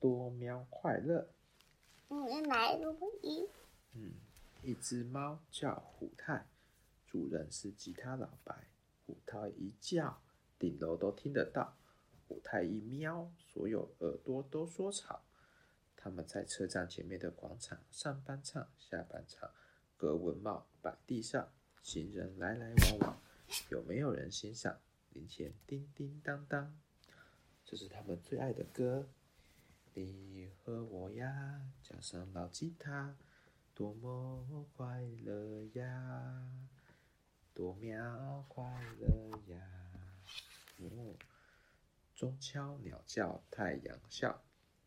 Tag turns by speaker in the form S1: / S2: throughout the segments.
S1: 多喵快樂！你要來錄音。嗯，一只貓叫虎太，主人是吉他老白。虎太一叫，頂樓都聽得到；虎太一喵，所有耳朵都說吵。他們在車站前面的廣場，上班唱，下班唱，格紋帽擺地上，行人來來往往， 有沒有人欣賞？零錢叮叮當當，這是他們最愛的歌。你和我呀，加上老吉他，多麼快樂呀，多喵快樂呀！哦，鐘敲鳥叫太陽笑，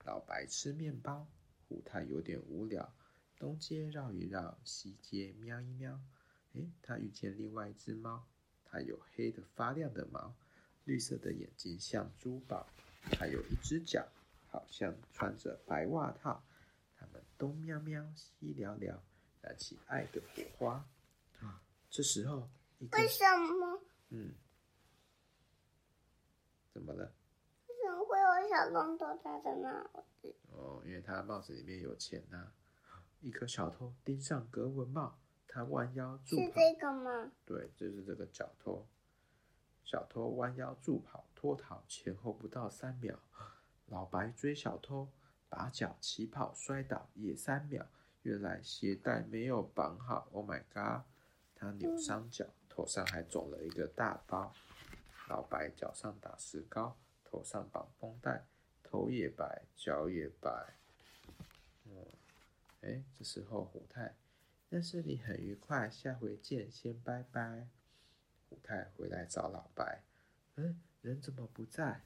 S1: 老白吃麵包，虎太有點無聊。東街繞一繞，西街喵一喵。哎，他遇見另外一隻貓，它有黑的發亮的毛，綠色的眼睛像珠寶，還有一隻腳。好像穿着白外套，他們東喵喵西聊聊，燃起愛的火花。啊，這時候為什麼？嗯，怎麼了？為什麼會有小龍頭戴著帽子？哦，因為他帽子裡面有錢呢。啊，一個小偷盯上格紋帽，他彎腰助跑。是這個嗎？對，就是這個小偷。小偷彎腰助跑脫逃，前後不到三秒。老白追小偷，把腳起跑摔倒也三秒，原來鞋帶沒有綁好。Oh my god，他扭傷腳，頭上還腫了一個大包。老白腳上打石膏，頭上綁繃帶，頭也白，腳也白。嗯，哎、欸，這時候虎太，認識你很愉快，下回見，先拜拜。虎太回來找老白，嗯，人怎麼不在？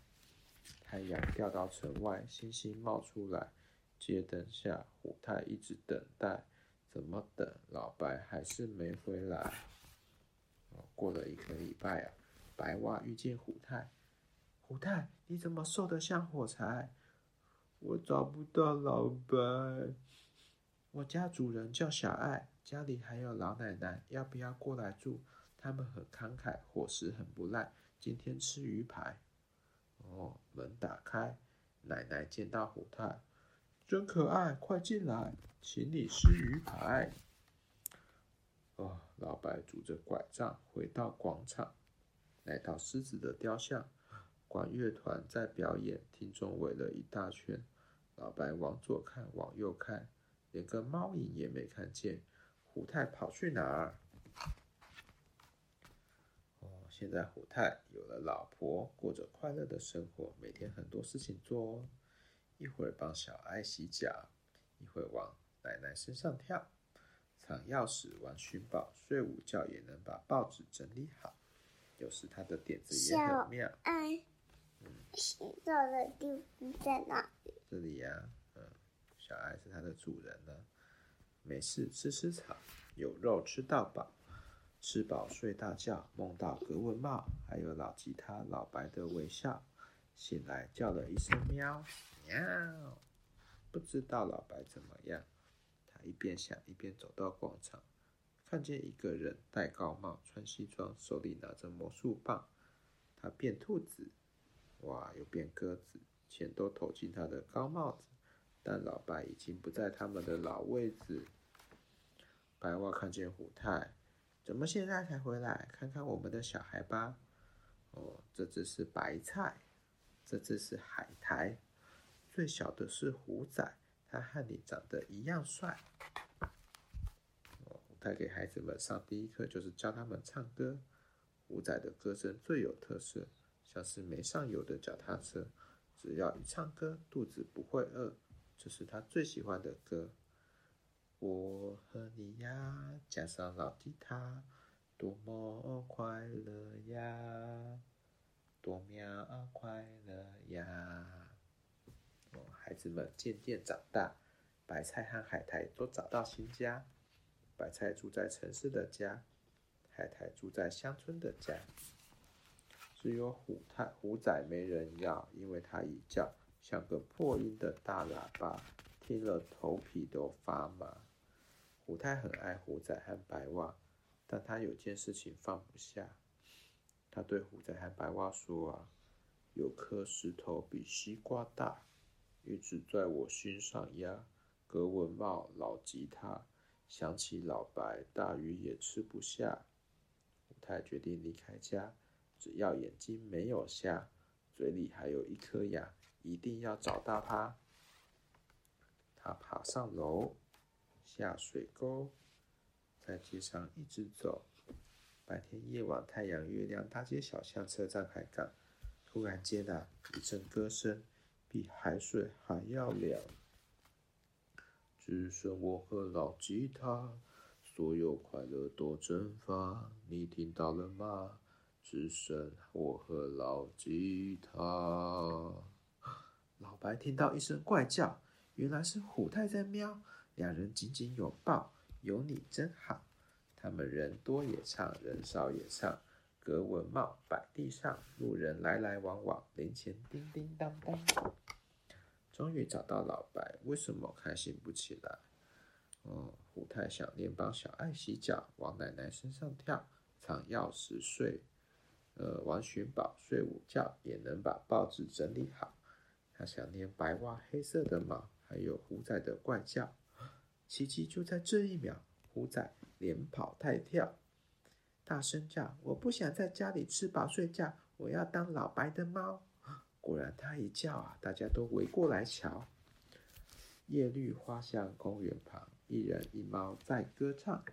S1: 太陽掉到城外，星星冒出來，街燈下虎太一直等待，怎麼等老白還是沒回來。過了一個禮拜啊，白襪遇見虎太，虎太你怎麼瘦得像火柴？我找不到老白，我家主人叫小愛，家裡還有老奶奶，要不要過來住？他們很慷慨，伙食很不賴，今天吃魚排。哦，門打開，奶奶見到虎太，真可愛，快進來，請你吃魚排。哦，老白拄着拐杖回到廣場，來到獅子的雕像，管樂團在表演，聽眾圍了一大圈。老白往左看，往右看，連個貓影也沒看見，虎太跑去哪兒？現在虎太有了老婆，過着快樂的生活，每天很多事情做哦，一會兒幫小愛洗腳，一會兒往奶奶身上跳，藏鑰匙、玩尋寶、睡午覺也能把報紙整理好，有時他的點子也很妙。小愛，嗯，洗澡的地方在哪裡？這裡呀，啊，嗯，小愛是它的主人呢，啊，沒事吃吃草，有肉吃到飽。吃飽睡大覺，夢到格紋帽，還有老吉他老白的微笑。醒來叫了一聲喵“喵喵”，不知道老白怎麼樣。他一邊想一邊走到廣場，看見一個人戴高帽，穿西裝，手裡拿着魔術棒。他變兔子，哇，又變鴿子，錢都投進他的高帽子。但老白已經不在他們的老位置。白襪看見虎太。怎麼現在才回來？看看我們的小孩吧。哦，這隻是白菜，這隻是海苔，最小的是虎仔，他和你長得一樣帥。哦，他給孩子們上第一課就是教他們唱歌。虎仔的歌聲最有特色，像是沒上油的腳踏車，只要一唱歌，肚子不會餓，這是他最喜歡的歌。我和你呀，加上老吉他，多麼快樂呀，多麼快樂呀。哦，孩子們漸漸長大，白菜和海苔都找到新家。白菜住在城市的家，海苔住在鄉村的家。只有虎太虎仔沒人要，因為他一叫，像個破音的大喇叭，聽了頭皮都發麻。虎太很愛虎仔和白襪，但他有件事情放不下。他對虎仔和白襪說：“啊，有顆石頭比西瓜大，一直在我心上壓。格紋帽、老吉他，想起老白，大魚也吃不下。”虎太決定離開家，只要眼睛沒有瞎，嘴裡還有一顆牙，一定要找到他。他爬上樓。下水溝，在街上一直走，白天夜晚，太陽月亮，大街小巷，車站海港。突然間吶、啊，一陣歌聲，比海水還要涼。只剩我和老吉他，所有快樂都蒸發。你聽到了嗎？只剩我和老吉他。老白聽到一聲怪叫，原來是虎太在喵。兩人緊緊擁抱，有你真好。他們人多也唱，人少也唱。格紋帽擺地上，路人來來往往，零錢叮叮噹噹。終於找到老白，為什麼開心不起來？哦、嗯，虎太想念幫小愛洗腳，往奶奶身上跳，藏鑰匙睡。呃，玩尋寶睡午覺，也能把報紙整理好。他想念白花黑色的毛，還有虎仔的怪叫。奇蹟就在這一秒，虎仔連跑帶跳，大聲叫：“我不想在家裡吃飽睡覺，我要當老白的貓！”果然，他一叫啊，大家都圍過來瞧。葉綠花香公園旁，一人一貓在歌唱。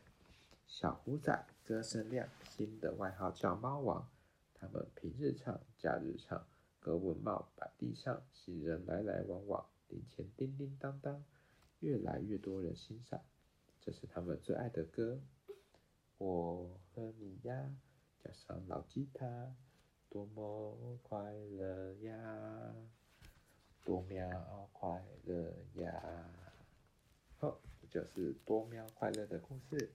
S1: 小虎仔歌聲亮，新的外號叫貓王。他們平日唱，假日唱，格紋帽擺地上，行人來來往往，零錢叮叮噹噹。越來越多人欣賞，這是他們最愛的歌。我和你呀，加上老吉他，多麼快樂呀，多喵快樂呀！好、哦，這就是多喵快樂的故事。